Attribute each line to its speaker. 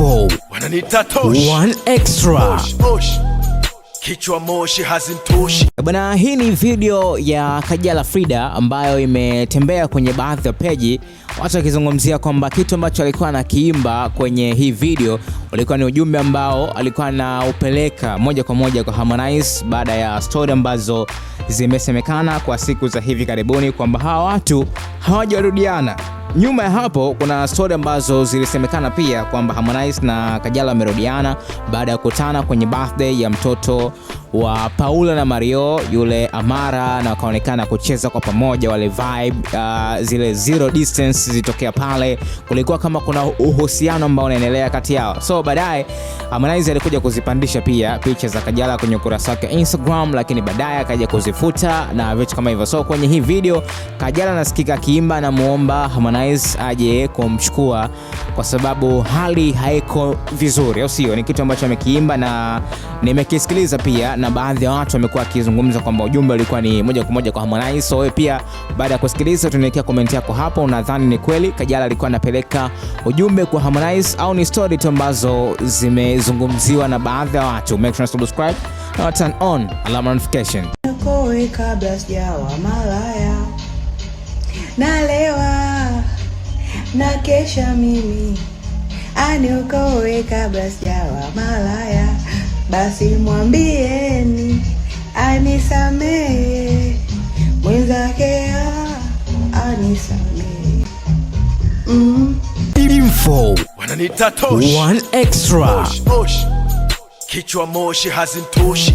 Speaker 1: Eh,
Speaker 2: bwana, hii ni video ya Kajala Frida ambayo imetembea kwenye baadhi ya peji, watu wakizungumzia kwamba kitu ambacho alikuwa anakiimba kwenye hii video ulikuwa ni ujumbe ambao alikuwa anaupeleka moja kwa moja kwa Harmonize baada ya stori ambazo zimesemekana kwa siku za hivi karibuni kwamba hawa watu hawajarudiana. Nyuma ya hapo kuna stori ambazo zilisemekana pia kwamba Harmonize na Kajala wamerudiana baada ya kukutana kwenye birthday ya mtoto wa Paula na Mario yule Amara, na wakaonekana kucheza kwa pamoja wale vibe, uh, zile zero distance zilitokea pale. Kulikuwa kama kuna uhusiano ambao unaendelea kati yao, so baadaye Harmonize alikuja kuzipandisha pia picha za Kajala kwenye ukurasa wake Instagram, lakini baadaye akaja kuzifuta na vitu kama hivyo. So kwenye hii video Kajala nasikika akiimba na muomba Harmonize Harmonize aje kumchukua kwa sababu hali haiko vizuri, au sio? Ni kitu ambacho amekiimba na nimekisikiliza pia, na baadhi ya watu wamekuwa wakizungumza kwamba ujumbe ulikuwa ni moja kwa moja kwa Harmonize. So wewe pia baada ya kusikiliza, tuniwekea komenti yako hapo. Unadhani ni kweli Kajala alikuwa anapeleka ujumbe kwa Harmonize au ni story tu ambazo zimezungumziwa na baadhi ya watu? Make sure to subscribe na turn on alarm notification
Speaker 3: kabla sijawa malaya nalewa na kesha mimi, aniokoe kabla sijawa malaya. Basi mwambieni anisamehe, mwenzake anisamehe.
Speaker 1: mm. Info wananiita one extra Kichwa moshi hazimtoshi